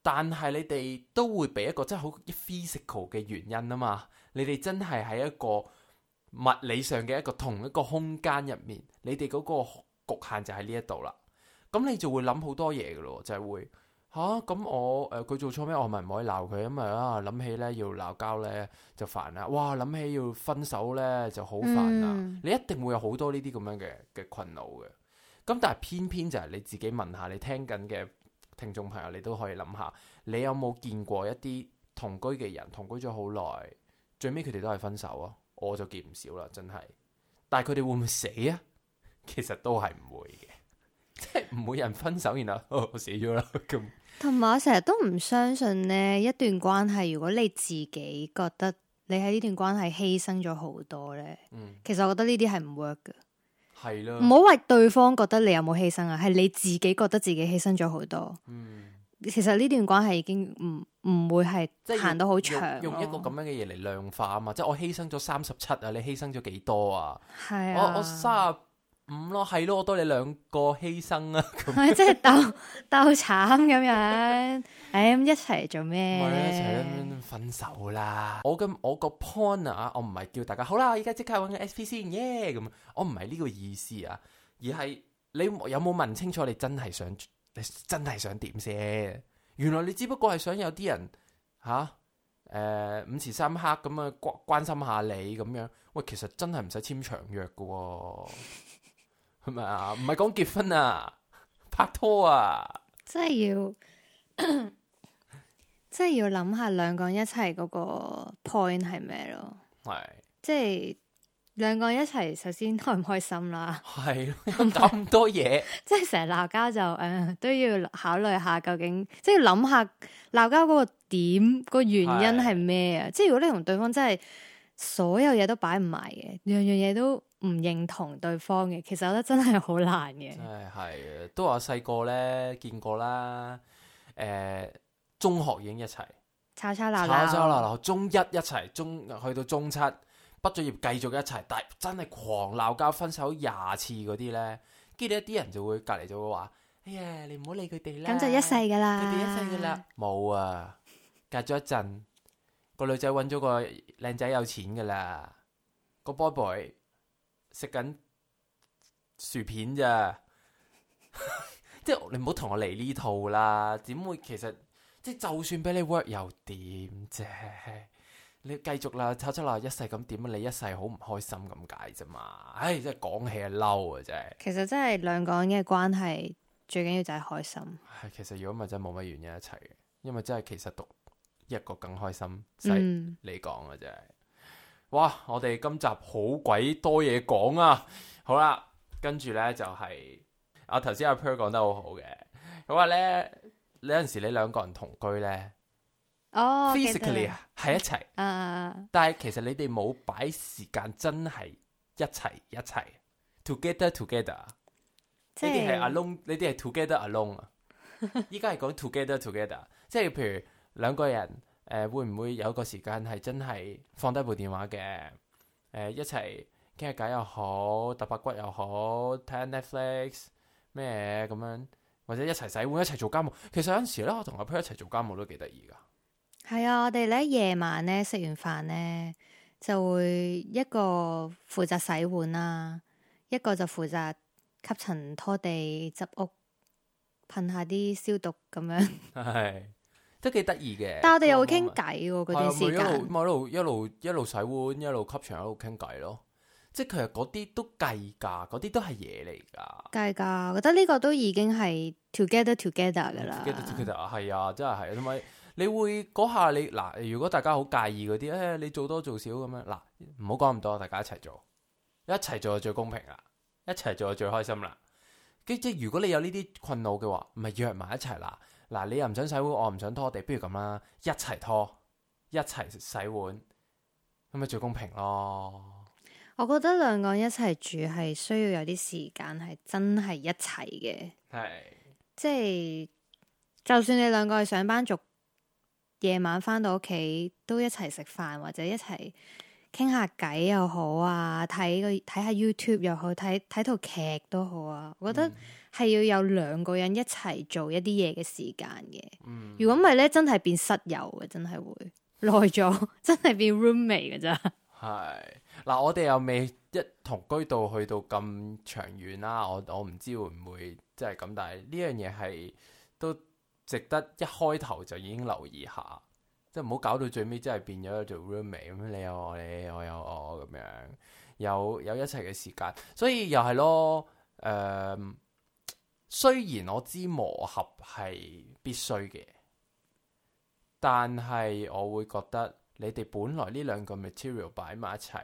但係你哋都會俾一個真係好 physical 嘅原因啊嘛！你哋真係喺一個物理上嘅一個同一個空間入面，你哋嗰個局限就喺呢一度啦。咁你就會諗好多嘢嘅咯，就係、是、會吓？咁、啊、我誒佢、呃、做錯咩？我咪唔可以鬧佢咁啊？諗起咧要鬧交咧就煩啦，哇！諗起要分手咧就好煩啦。嗯、你一定會有好多呢啲咁樣嘅嘅困惱嘅。咁但係偏偏就係你自己問下你聽緊嘅。聽眾朋友，你都可以諗下，你有冇見過一啲同居嘅人同居咗好耐，最尾佢哋都係分手啊？我就見唔少啦，真係。但係佢哋會唔會死啊？其實都係唔會嘅，即係唔會有人分手然後、哦、死咗啦。咁同埋我成日都唔相信呢一段關係，如果你自己覺得你喺呢段關係犧牲咗好多呢，嗯、其實我覺得呢啲係唔 work 嘅。係啦，唔好話對方覺得你有冇犧牲啊，係你自己覺得自己犧牲咗好多。嗯，其實呢段關係已經唔唔會係即係行得好長用，用一個咁樣嘅嘢嚟量化啊嘛，即係我犧牲咗三十七啊，你犧牲咗幾多啊？係啊，我我卅五咯，係咯、嗯，我多你兩個犧牲啊！咁即係鬥鬥慘咁樣， 誒咁、 哎、一齊做咩？咪一齊分手啦！我咁我個 point 啊，我唔係叫大家好啦，我依家即刻揾個 S P c 耶咁，我唔係呢個意思啊，而係你有冇問清楚你？你真係想你真係想點先？原來你只不過係想有啲人吓誒、啊呃，五時三刻咁啊關關心下你咁樣。喂，其實真係唔使簽長約噶、哦。係咪啊？唔係講結婚啊，拍拖啊，即係要， 即係要諗下兩個人一齊嗰個 point 係咩咯？係是，即係兩個人一齊，首先開唔開心啦，啊？係咯，咁多嘢， 即係成日鬧交就誒、呃，都要考慮下究竟，即係諗下鬧交嗰個點個原因係咩啊？的即係如果你同對方真係所有嘢都擺唔埋嘅，樣樣嘢都。唔認同對方嘅，其實我覺得真係好難嘅。真係係都話細個咧見過啦，誒、呃、中學已經一齊吵吵鬧鬧，吵吵鬧鬧中一一齊中去到中七畢咗業繼續一齊，但真係狂鬧交分手廿次嗰啲咧，跟住一啲人就會隔籬就會話哎呀，hey，你唔好理佢哋啦，咁就一世㗎喇，佢哋一世㗎喇冇啊。隔咗一陣，女個女仔搵咗個靚仔有錢㗎喇個 boy boy。食緊薯片咋？即係你唔好同我嚟呢套啦，就就啦，點會、哎啊？其實即係就算俾你 work 又點啫？你繼續啦，抽出啦，一世咁點？你一世好唔開心咁解啫嘛？唉，真係講起啊，嬲啊真係。其實真係兩個人嘅關係最緊要就係開心。係，其實如果咪真係冇乜原因一齊嘅，因為真係其實讀一個更開心，細、就是、你講啊真係。嗯哇！我哋今集好鬼多嘢講啊，好啦，跟住呢就係、是，我啊頭先阿 Pear 講得好好嘅，咁啊呢有陣時你兩個人同居呢，哦，physically 係實一齊，但係其實你哋冇擺時間真係一齊一齊，together together，呢啲係 alone，呢啲係 together alone 啊，依家係講 together together，即係譬如兩個人。誒、呃，會唔會有一個時間係真係放低部電話嘅？誒、呃，一齊傾下偈又好，揼白骨又好，睇下 Netflix 咩咁樣，或者一齊洗碗，一齊做家務。其實有陣時咧，我同阿 P 一齊做家務都幾得意噶。係啊，我哋咧夜晚咧食完飯咧，就會一個負責洗碗啦，一個就負責吸塵、拖地、執屋、噴下啲消毒咁樣。係。 都幾得意嘅，但我哋又會傾偈喎嗰啲時間，係、啊就是、一路 一路一路洗碗，一路吸塵，一路傾偈咯？即係其實嗰啲都計噶，嗰啲都係嘢嚟噶。計噶，我 覺得呢個都已經係 together together 噶啦。together together 係啊，真係係、啊，同埋 你會嗰下你嗱，如果大家好介意嗰啲，誒、哎，你做多做少咁樣，嗱，唔好講咁多，大家一齊做，一齊做就最公平啦，一齊做就最開心啦。即係如果你有呢啲困擾嘅話，咪約埋一齊啦。嗱，你又唔想洗碗，我又唔想拖地，不如咁啦，一齊拖，一齊洗碗，咁咪最公平咯。我覺得兩個人一齊住係需要有啲時間係真係一齊嘅，是即係就算你兩個係上班族，夜晚翻到屋企都一齊食飯，或者一齊傾下偈又好啊，睇個睇下 YouTube 又好，睇睇套劇都好啊，我覺得。嗯係要有兩個人一齊做一啲嘢嘅時間嘅，嗯，如果唔係咧，真係變室友嘅，真係會耐咗， 真係變 roommate 嘅咋，係嗱，我哋又未一同居到去到咁長遠啦，我我唔知會唔會即係咁，但係呢樣嘢係都值得一開頭就已經留意下，即係唔好搞到最尾真係變咗做 roommate 咁，你有我你，你我有我咁樣，有有一齊嘅時間，所以又係咯，誒、呃。雖然我知磨合係必須嘅，但係我會覺得你哋本來呢兩個 material 擺埋一齊，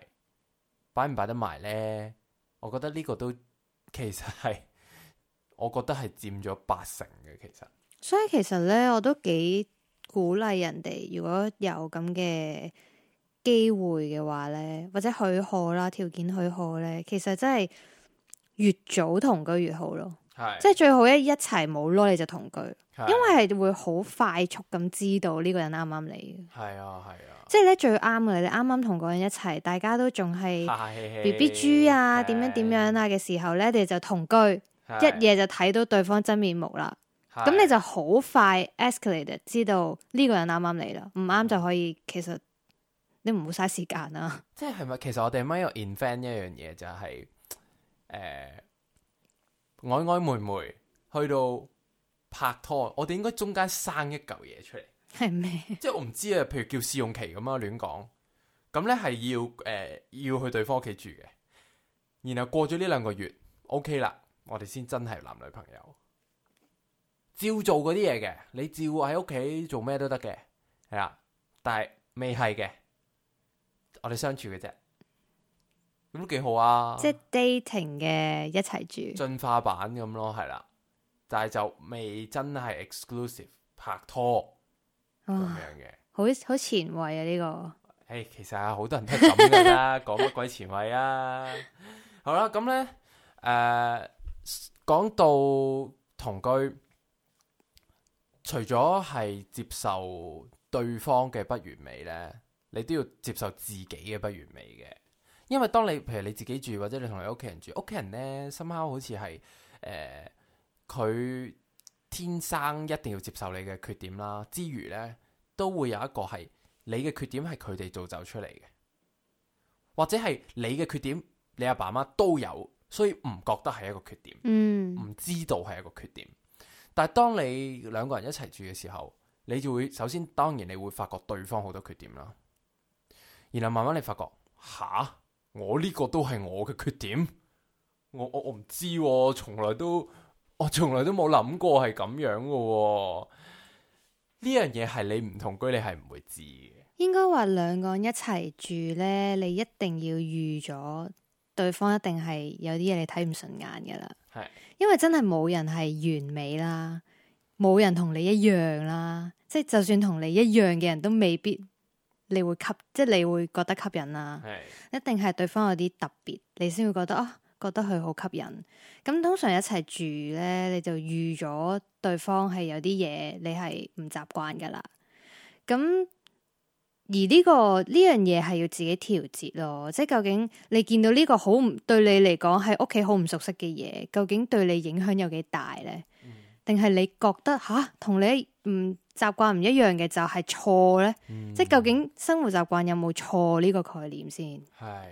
擺唔擺得埋呢？我覺得呢個都其實係，我覺得係佔咗八成嘅。其實，所以其實呢，我都幾鼓勵人哋如果有咁嘅機會嘅話呢，或者許可啦，條件許可呢，其實真係越早同居越好咯。即係最好一一齊冇咯，你就同居，的因為係會好快速咁知道呢個人啱唔啱你。係啊係啊，即係咧最啱嘅，你啱啱同嗰人一齊，大家都仲係 BBG 啊，點的樣點樣啊嘅時候咧，你就同居，的一夜就睇到對方真面目啦。咁的你就好快 escalate 知道呢個人啱唔啱你啦，唔啱就可以，其實你唔好嘥時間啦。 即係係咪？其實我哋咪有 invent 一樣嘢就係、是、誒。呃曖曖昧昧去到拍拖，我哋應該中間生一嚿嘢出嚟，係咩？即係我唔知啊，譬如叫試用期咁樣，亂講。咁呢係要誒、呃、要去對方屋企住嘅，然後過咗呢兩個月，OK 啦，我哋先真係男女朋友，照做嗰啲嘢嘅，你照喺屋企做咩都得嘅，係啦，但係未係嘅，我哋相處嘅啫。咁都幾好啊！即係 dating 嘅一齊住進化版咁咯，係啦，但係就未真係 exclusive 拍拖咁、哦、樣嘅，好好前衛啊！呢、這個誒，hey, 其實啊，好多人都係咁噶啦，講乜鬼前衛啊？ 好啦，咁咧誒，講、呃、到同居，除咗係接受對方嘅不完美咧，你都要接受自己嘅不完美嘅。因為當你譬如你自己住，或者你同你屋企人住，屋企人呢，somehow 好似係誒，佢、呃、天生一定要接受你嘅缺點啦。之餘呢，都會有一個係你嘅缺點係佢哋造就出嚟嘅，或者係你嘅缺點，你阿爸阿媽都有，所以唔覺得係一個缺點，唔、嗯、知道係一個缺點。但係當你兩個人一齊住嘅時候，你就會首先當然你會發覺對方好多缺點啦，然後慢慢你發覺吓。我呢個都係我嘅缺點，我我我唔知喎，從來都我從來都冇諗過係咁樣嘅喎。呢樣嘢係你唔同居，你係唔會知嘅。應該話兩個人一齊住呢，你一定要預咗對方，一定係有啲嘢你睇唔順眼嘅啦。Hey. 因為真係冇人係完美啦，冇人同你一樣啦，即係就算同你一樣嘅人都未必。你會吸，即係你會覺得吸引啦。的一定係對方有啲特別，你先會覺得啊，覺得佢好吸引。咁通常一齊住呢，你就預咗對方係有啲嘢你係唔習慣噶啦。咁而呢、這個呢樣嘢係要自己調節咯。即係究竟你見到呢個好唔對你嚟講係屋企好唔熟悉嘅嘢，究竟對你影響有幾大呢？定係、嗯、你覺得吓，同、啊、你唔？嗯習慣唔一樣嘅就係錯咧，嗯、即係究竟生活習慣有冇錯呢個概念先？係是，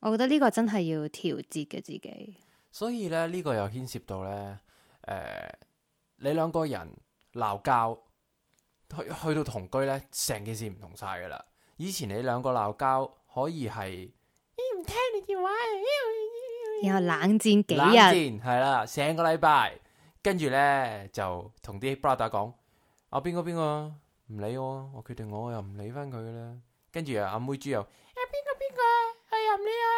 我覺得呢個真係要調節嘅自己。所以咧，呢、這個又牽涉到咧，誒、呃，你兩個人鬧交去去到同居咧，成件事唔同晒噶啦。以前你兩個鬧交可以係，咦，唔聽你電話，又冷戰幾日，係啦，成個禮拜，跟住咧就同啲 brother 講。阿邊個邊個唔理我，我決定我又唔理翻佢啦。跟住啊，阿妹豬又啊，邊個邊個，我又唔理啊，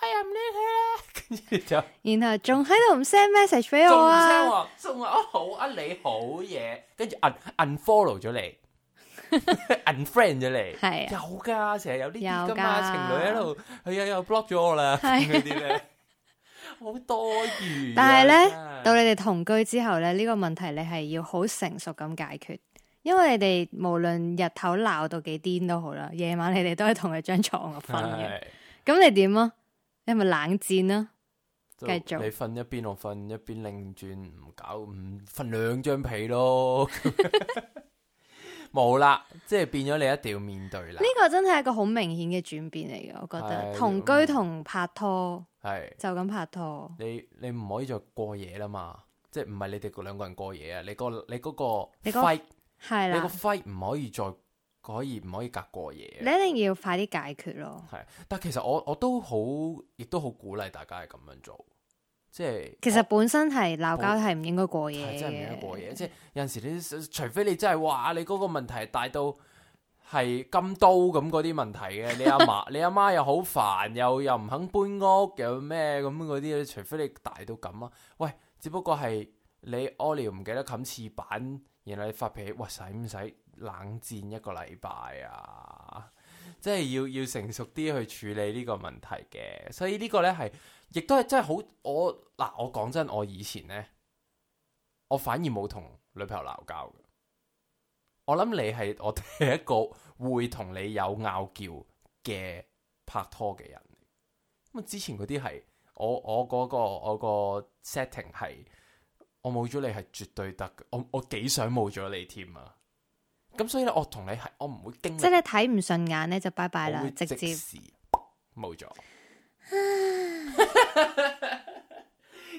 我又唔理佢啦。跟住就然後仲喺度唔 send message 俾我啊，仲話好啊你好嘢，跟住 unfollow 咗你，unfriend 咗你，係有噶，成日有呢啲噶嘛，情侶喺度，佢又又 block 咗我啦，咁啲咧好多餘。但係咧，到你哋同居之後咧，呢個問題你係要好成熟咁解決。因為你哋無論日頭鬧到幾癲都好啦，夜晚你哋都係同一張床度瞓嘅。咁是是 你點啊？你咪冷戰啦，啊，繼就 續你瞓一邊，我瞓一邊，擰轉唔搞唔瞓兩張被咯。冇 啦， 即係變咗你一定要面對啦。呢個真係一個好明顯嘅轉變嚟嘅，我覺得是同居同拍拖係就咁拍拖。你你唔可以再過夜啦嘛？即係唔係你哋兩個人過夜啊？你，嗰個你嗰，嗰個你、嗰個係啦，你個肺唔可以再可以唔可以隔過夜？你一定要快啲解決咯。係，但其實我我都好，亦都好鼓勵大家係咁樣做，即係。其實本身係鬧交係唔應該過夜，真係唔應該過夜。即係有陣時你，除非你真係話你嗰個問題大到係咁刀咁嗰啲問題嘅，你阿嫲你阿媽又好煩，又又唔肯搬屋，又咩咁嗰啲，除非你大到咁啊！喂，只不過係你屙尿唔記得冚廁板。然後你發脾氣，哇！使唔使冷戰一個禮拜啊？即係要要成熟啲去處理呢個問題嘅。所以呢個呢，係，亦都係真係好。我嗱，我講真，我以前呢，我反而冇同女朋友鬧交。我諗你係我第一個會同你有拗叫嘅拍拖嘅人。咁之前嗰啲係我我嗰個我個 setting 係。我冇咗你係絕對得嘅，我我幾想冇咗你添啊。咁所以咧，我同你係我唔會經歷，即係睇唔順眼咧就拜拜啦，直接冇咗。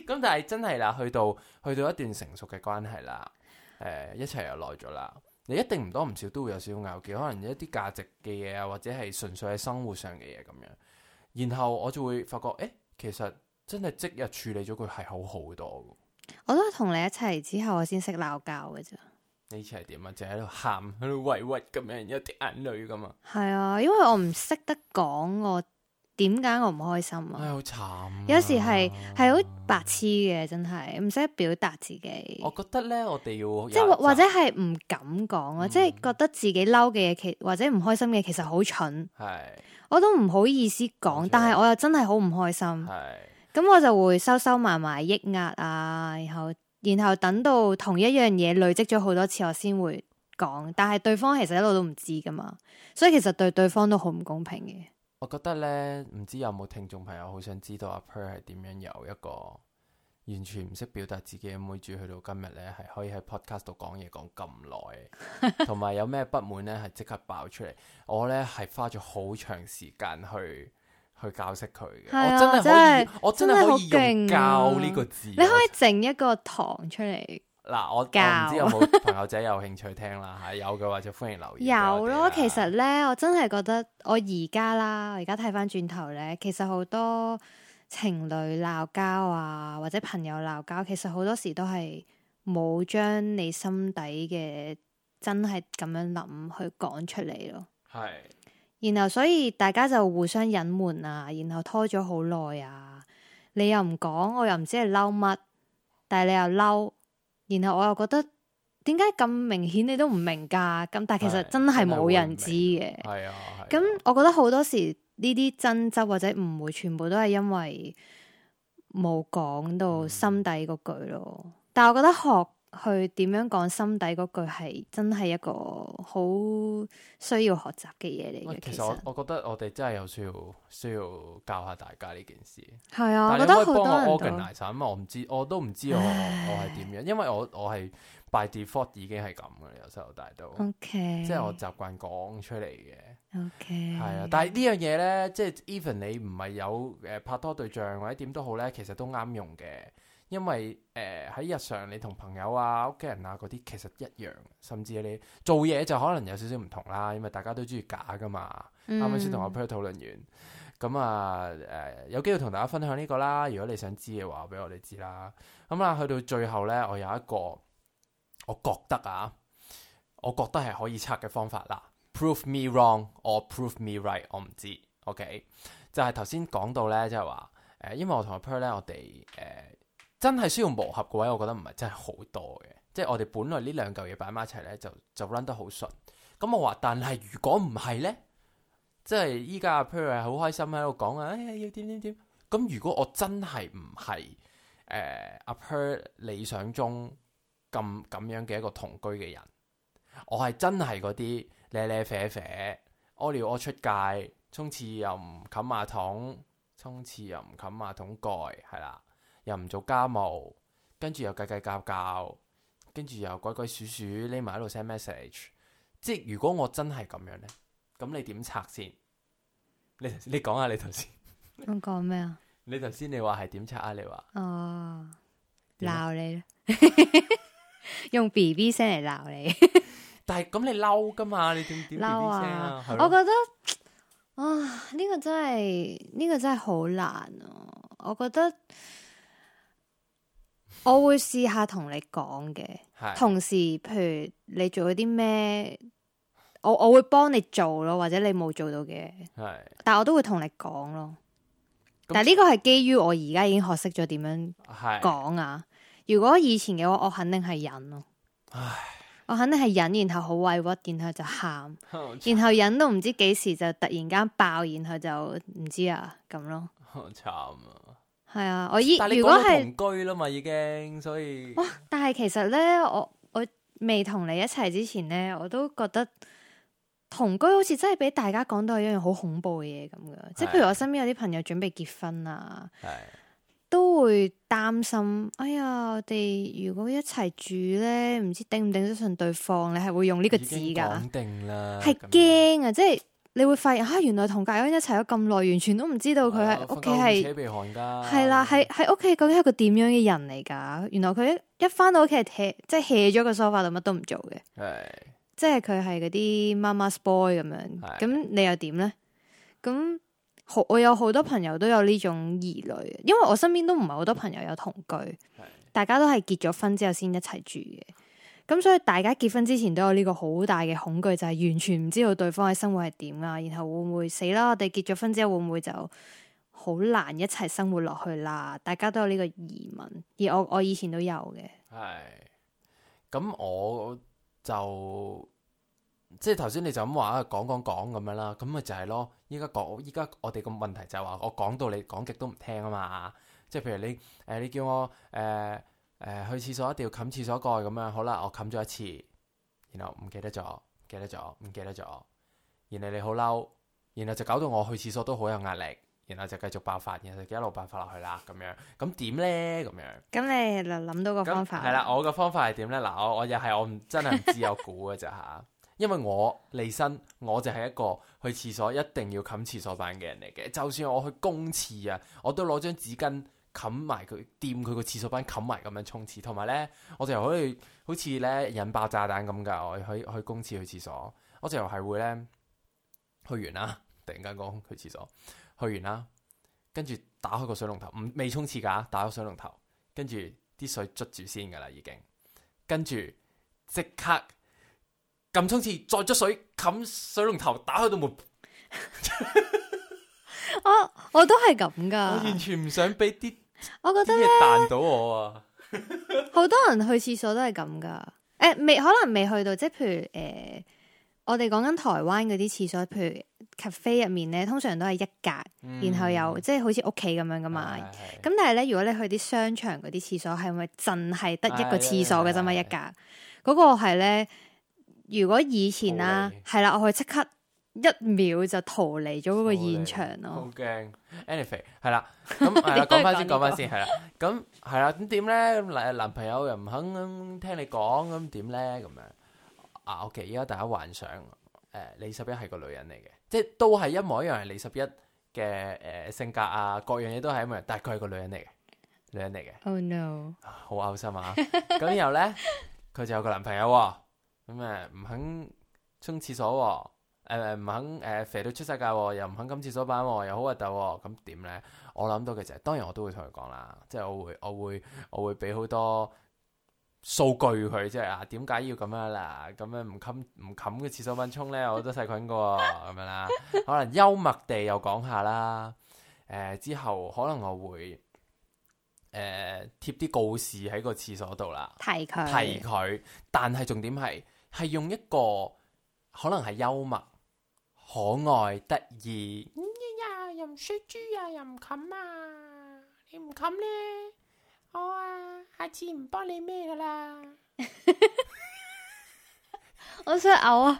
咁了 但係真係啦，去到去到一段成熟嘅關係啦，誒、呃、一齊又耐咗啦，你一定唔多唔少都會有少少拗撬，可能一啲價值嘅嘢啊，或者係純粹喺生活上嘅嘢咁樣，然後我就會發覺誒、欸，其實真係即日處理咗佢係好好多我都係同你一齊之後我，我先識鬧交嘅啫。你以前係點啊？就喺度喊，喺度委屈咁樣，有一滴眼淚噶嘛？係啊，因為我唔識得講，我點解我唔開心啊？係好慘。啊、有時係係好白痴嘅，真係唔識得表達自己。我覺得咧，我哋要即係或者係唔敢講啊，嗯、即係覺得自己嬲嘅嘢，其或者唔開心嘅嘢，其實好蠢。係是，我都唔好意思講，但係我又真係好唔開心。係是。咁我就會收收埋埋，抑壓啊，然後然後等到同一樣嘢累積咗好多次，我先會講。但係對方其實一路都唔知㗎嘛，所以其實對對方都好唔公平嘅。我覺得咧，唔知有冇聽眾朋友好想知道阿 Per 係點樣由一個完全唔識表達自己嘅妹豬，去到今日咧係可以喺 podcast 度講嘢講咁耐，同埋 有咩不滿咧係即刻爆出嚟。我咧係花咗好長時間去。去教識佢嘅，啊、我真係可以，真的我真係可以用教呢、啊、個字。你可以整一個堂出嚟。嗱，我教，膠 我唔知有冇朋友仔有興趣聽啦，吓 有嘅話就歡迎留言。有咯，其實咧，我真係覺得我而家啦，我而家睇翻轉頭咧，其實好多情侶鬧交啊，或者朋友鬧交，其實好多時都係冇將你心底嘅真係咁樣諗去講出嚟咯。係。然後所以大家就互相隱瞞啊，然後拖咗好耐啊。你又唔講，我又唔知你嬲乜，但係你又嬲，然後我又覺得點解咁明顯你都唔明噶、啊？咁但係其實真係冇人知嘅。咁、啊啊、我覺得好多時呢啲爭執或者誤會，全部都係因為冇講到心底嗰句咯。嗯、但係我覺得學。去點樣講心底嗰句係真係一個好需要學習嘅嘢嚟嘅。其實我我覺得我哋真係有需要需要教下大家呢件事。係啊，但係你可以幫我 organize 啊嘛。我唔知，我都唔知我唉我係點樣，因為我我係 by default 已經係咁噶啦，由細到大都。OK，即係我習慣講出嚟嘅。OK，係啊。但係呢樣嘢咧，即係 even 你唔係有誒、呃、拍拖對象或者點都好咧，其實都啱用嘅。因為誒喺、呃、日常你同朋友啊、屋企人啊嗰啲其實一樣，甚至你做嘢就可能有少少唔同啦。因為大家都中意假㗎嘛。啱啱先同我 Per 討論完，咁啊誒有機會同大家分享呢個啦。如果你想知嘅話，俾我哋知啦。咁、嗯、啊去到最後呢，我有一個我覺得啊，我覺得係可以測嘅方法啦。嗯、prove me wrong or prove me right，我唔知。OK，就係頭先講到呢，即係話誒，因為我同我 Per 咧，我哋誒。呃真係需要磨合嘅話，我覺得唔係真係好多嘅，即係我哋本來呢兩嚿嘢擺埋一齊呢，就就 run 得好順。咁我話，但係如果唔係呢，即係依家阿 Pearl 係好開心喺度講啊，哎要點點點。咁如果我真係唔係誒阿 Pearl 理想中咁咁樣嘅一個同居嘅人，我係真係嗰啲咩咩啡啡屙尿屙出界，沖廁又唔冚馬桶，沖廁又唔冚馬桶蓋，係啦。又唔做家務，跟住又計計較較，跟住又鬼鬼祟祟匿埋喺度 send message。即係如果我真係咁樣咧，咁你點拆先？你你講下你頭先。我講咩啊？你頭先你話係點拆啊？你話哦，鬧你，樣 用 B B 聲嚟鬧你。 但係咁你嬲噶嘛？你點點嬲啊？啊我覺得啊，呢、這個真係呢、這個真係、這個、好難啊！我覺得。我會試下同你講嘅，是同時，譬如你做咗啲咩，我我會幫你做咯，或者你冇做到嘅，是但係我都會同你講咯。但係呢個係基於我而家已經學識咗點樣講啊。是如果以前嘅話，我肯定係忍咯。唉我肯定係忍，然後好委屈，然後就喊，然後忍到唔知幾時就突然間爆，然後就唔知啊咁咯。好慘啊！係啊，我依如果係同居啦嘛，已經所以哇！但係其實咧，我我未同你一齊之前咧，我都覺得同居好似真係俾大家講到係一樣好恐怖嘅嘢咁噶，即係的譬如我身邊有啲朋友準備結婚啊，的都會擔心，哎呀，我哋如果一齊住咧，唔知頂唔頂得順對方，你係會用呢個字噶，肯定啦，係驚啊，樣即係。你會發現吓、啊，原來同隔屋一齊咗咁耐，完全都唔知道佢係屋企係係啦，喺喺屋企究竟係個點樣嘅人嚟噶？原來佢一返到屋企係 hea 即係 hea 咗個梳化度，乜都唔做嘅，即係佢係嗰啲媽媽 boy 咁樣。咁的你又點呢？咁好，我有好多朋友都有呢種疑慮，因為我身邊都唔係好多朋友有同居，的大家都係結咗婚之後先一齊住嘅。咁、嗯、所以大家結婚之前都有呢個好大嘅恐懼，就係、是、完全唔知道對方嘅生活係點啊，然後會唔會死啦？我哋結咗婚之後會唔會就好難一齊生活落去啦？大家都有呢個疑問，而我我以前都有嘅。係，咁我就即係頭先你就咁話啊，講講講咁樣啦，咁咪就係咯。依家講，依家我哋個問題就係話，我講到你講極都唔聽啊嘛。即係譬如你誒、呃，你叫我誒。呃誒、呃，去廁所一定要冚廁所蓋咁樣，好啦，我冚咗一次，然後唔記得咗，記得咗，唔記得咗，然後你好嬲，然後就搞到我去廁所都好有壓力，然後就繼續爆發，然後就一路爆發落去啦，咁樣，咁點呢？咁樣，咁你就諗到個方法，係啦，我嘅方法係點呢？嗱，我我又係 我唔真係唔知有估嘅咋。吓，因為我離身，我就係一個去廁所一定要冚廁所板嘅人嚟嘅，就算我去公廁啊，我都攞張紙巾。冚埋佢掂佢個廁所板冚埋咁樣沖廁，同埋呢，我就係可以好似咧引爆炸彈咁噶，我去我去公廁去廁所，我就係會呢：「去完啦，突然間講去廁所，去完啦，跟住打開個水龍頭，唔未沖廁架，打開水龍頭，跟住啲水捽住先噶啦已經，跟住即刻撳沖廁，再捽水，冚水龍頭，打開個門。 我我都係咁噶， 我完全唔想俾啲，我覺得咧彈到我啊！好 多人去廁所都係咁噶，誒、哎，未可能未去到，即係譬如誒、呃，我哋講緊台灣嗰啲廁所，譬如 cafe 入面咧，通常都係一格，嗯、然後又即係好似屋企咁樣噶嘛。咁是但係咧，如果你去啲商場嗰啲廁所，係咪淨係得一個廁所嘅啫嘛？一格，嗰、那個係咧，如果以前啦、啊，係啦喂，我去即刻。一秒就逃離咗嗰個現場咯，好驚，anyway 係啦，咁係啦，講翻先，講翻先係啦，咁係啦，咁點咧咁男男朋友又唔肯聽你講，咁點咧咁樣，樣，呢樣啊？OK，依家大家幻想誒、呃，李十一係個女人嚟嘅，即、就、係、是、都係一模一樣，係李十一嘅誒、呃、性格啊，各樣嘢都係一模一樣，但係佢係個女人嚟嘅，女人嚟嘅，oh no，好嘔、啊、心啊！咁 然後咧佢就有個男朋友咁、哦、誒，唔、嗯、肯沖廁所、哦。誒唔、呃、肯誒、呃、肥到出世界、啊，又唔肯冚廁所板、啊，又好核突，咁點咧？我諗到其就係、是，當然我都會同佢講啦，即、就、係、是、我會我會我會俾好多數據佢，即、就、係、是、啊點解要咁樣啦、啊？咁樣唔冚唔冚嘅廁所板沖咧，好多細菌噶喎，咁 樣啦、啊。可能幽默地又講下啦，誒、呃、之後可能我會誒、呃、貼啲告示喺個廁所度啦，提佢他提佢，但係重點係係用一個可能係幽默。可愛得意，呀呀又唔衰豬呀，又唔冚啊，啊！你唔冚咧，好啊，下次唔幫你咩噶啦。 我想嘔喉啊！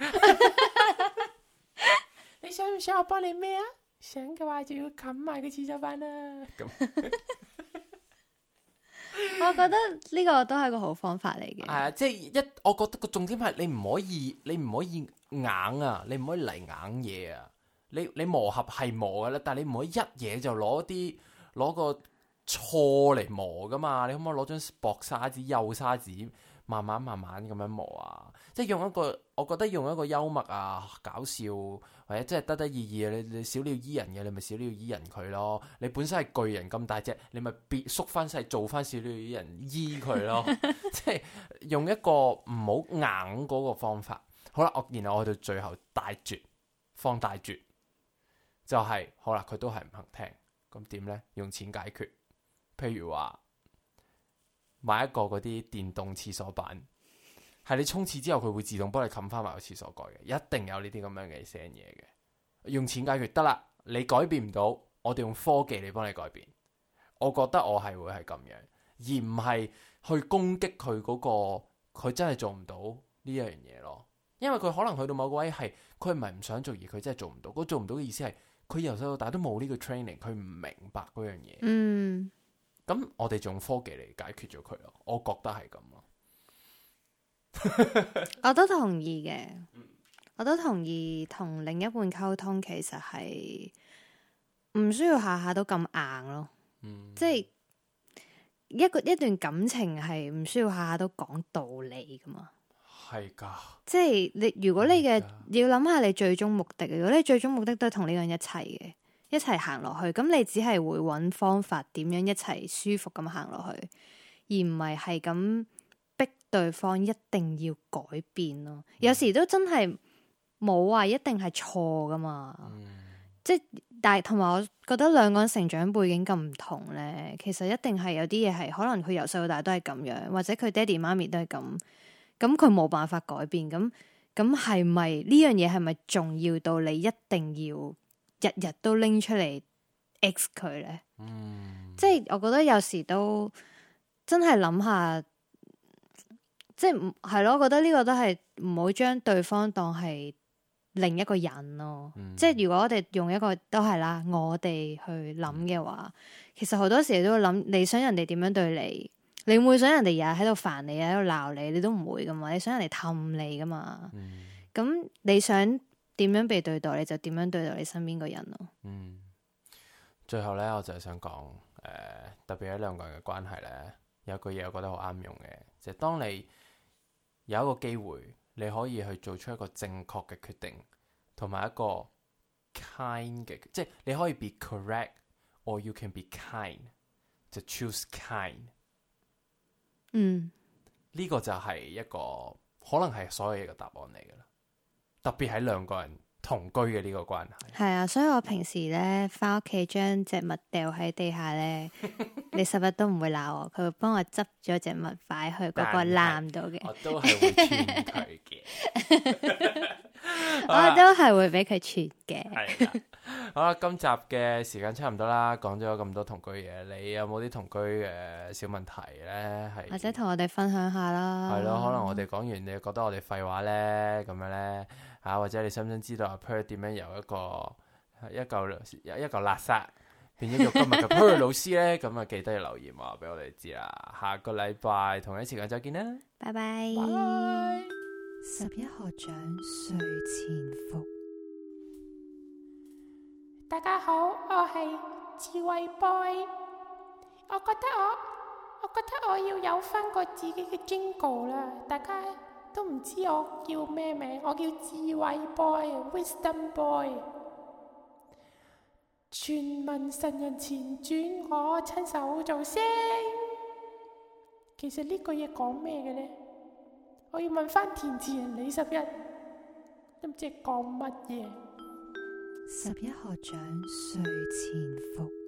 你想唔想我幫你咩啊？想嘅話就要冚埋個廁所板啦、啊。這樣笑我覺得呢個都係一個好方法嚟嘅。係啊，即係一，我覺得個重點係你唔可以，你唔可以硬啊，你唔可以嚟硬嘢啊。你你磨合係磨㗎啦，但係你唔可以一嘢就攞啲攞個錯嚟磨㗎嘛。你可唔可以攞張薄砂紙、幼砂紙？慢慢慢慢咁樣磨啊，即係用一個，我覺得用一個幽默啊、搞笑或者即係得得意意嘅，你你小鳥依人嘅，你咪小鳥依人佢咯。你本身係巨人咁大隻，你咪縮翻細做翻小鳥依人依佢咯。 即係用一個唔好硬嗰個方法。好啦，我然後我到最後大絕放大絕，就係、是、好啦，佢都係唔肯聽。咁點咧？用錢解決，譬如話。買一個嗰啲電動廁所板，係你沖廁之後佢會自動幫你冚翻埋個廁所蓋嘅，一定有呢啲咁樣嘅剩嘢嘅，用錢解決得啦。你改變唔到，我哋用科技嚟幫你改變。我覺得我係會係咁樣，而唔係去攻擊佢嗰個，佢真係做唔到呢樣嘢咯。因為佢可能去到某個位係，佢唔係唔想做，而佢真係做唔到。個做唔到嘅意思係，佢由細到大都冇呢個 training，佢唔明白嗰樣嘢。嗯。咁我哋仲用科技嚟解決咗佢咯，我覺得係咁咯。我都同意嘅，我都同意同另一半溝通，其實係唔需要下下都咁硬咯。嗯，即係一個一段感情係唔需要下下都講道理噶嘛。係噶的，即係你如果你嘅的要諗下你最終目的，如果你最終目的都係同呢個人一齊嘅。一齊行落去，咁你只係會揾方法點樣一齊舒服咁行落去，而唔係係咁逼對方一定要改變咯。嗯、有時都真係冇話一定係錯噶嘛。嗯、即係但係同埋，我覺得兩個人成長背景咁唔同呢，其實一定係有啲嘢係可能佢由細到大都係咁樣，或者佢爹哋媽咪都係咁，咁佢冇辦法改變。咁咁係咪呢樣嘢係咪重要到你一定要？日日都拎出嚟 x 佢咧，嗯、即係我覺得有時都真係諗下，即係唔係咯？我覺得呢個都係唔好將對方當係另一個人咯。嗯、即係如果我哋用一個都係啦，我哋去諗嘅話，嗯、其實好多時都會諗你想人哋點樣對你，你唔會想人哋日日喺度煩你，喺度鬧你，你都唔會噶嘛。你想人哋氹你噶嘛？咁、嗯、你想。點樣被對待，你就點樣對待你身邊個人咯。嗯，最後咧，我就係想講，誒、呃，特別喺兩個人嘅關係咧，有句嘢，我覺得好啱用嘅，就係、是、當你有一個機會，你可以去做出一個正確嘅決定，同埋一個 kind 嘅，即係你可以 be correct or you can be kind，就 choose kind。嗯，呢個就係一個可能係所有嘢嘅答案嚟嘅啦。特別喺兩個人同居嘅呢個關係，係啊，所以我平時咧，返屋企將隻襪掉喺地下咧， 你十日都唔會鬧我，佢會幫我執咗隻襪擺去嗰個籃度嘅，我都係會嘅。 我、 啊、都係會俾佢撮嘅。好啦，今集嘅時間差唔多啦，講咗咁多同居嘢，你有冇啲同居嘅小問題咧？係或者同我哋分享下啦。係咯，可能我哋講完，你覺得我哋廢話咧，咁樣咧吓、啊，或者你想唔想知道阿 Per 點樣由一個一嚿一嚿垃圾變咗做今日嘅 Per 老師咧？咁啊，記得要留言話俾我哋知啦。下個禮拜同一時間再見啦，拜拜 bye。Bye bye 十一學長睡前服，大家好，我係智慧 boy，我覺得我我覺得我要有翻個自己嘅 jingle 啦，大家都唔知我叫咩名，我叫智慧 boy，wisdom boy，, boy 全民神人前傳，我親手做聲，其實呢句嘢講咩嘅呢？我要問翻填詞人李十一，都唔知講乜嘢。十一學長睡前服。